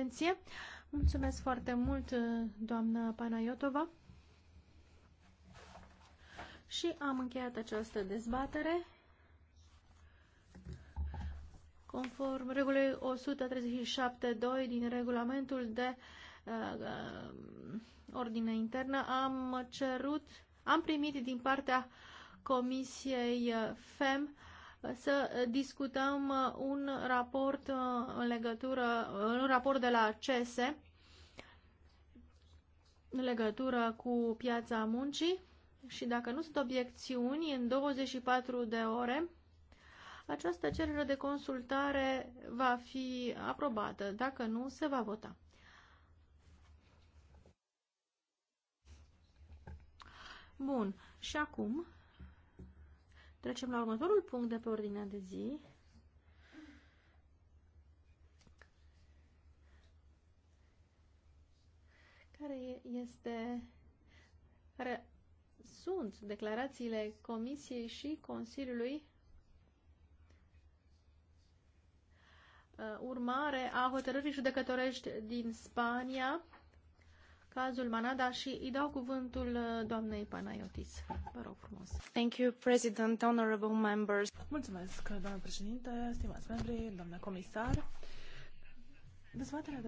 atenție. Mulțumesc foarte mult, doamnă Panayotova. Și am încheiat această dezbatere. Conform regulii 137.2 din regulamentul de uh, uh, ordine internă, am cerut, am primit din partea Comisiei FEM uh, să discutăm uh, un raport uh, în legătură, uh, un raport de la CESE în legătură cu piața muncii și dacă nu sunt obiecțiuni, în 24 de ore această cerere de consultare va fi aprobată. Dacă nu, se va vota. Bun. Și acum Trecem la următorul punct de pe ordinea de zi. Care este care sunt declarațiile Comisiei și Consiliului uh, urmare a hotărârii judecătorești din Spania cazul Manada și îi dau cuvântul uh, doamnei Panayotis. Vă rog frumos. Thank you, President, honorable members. Mulțumesc, doamnă președinte, stimați membri, doamnă comisar. Dezbaterea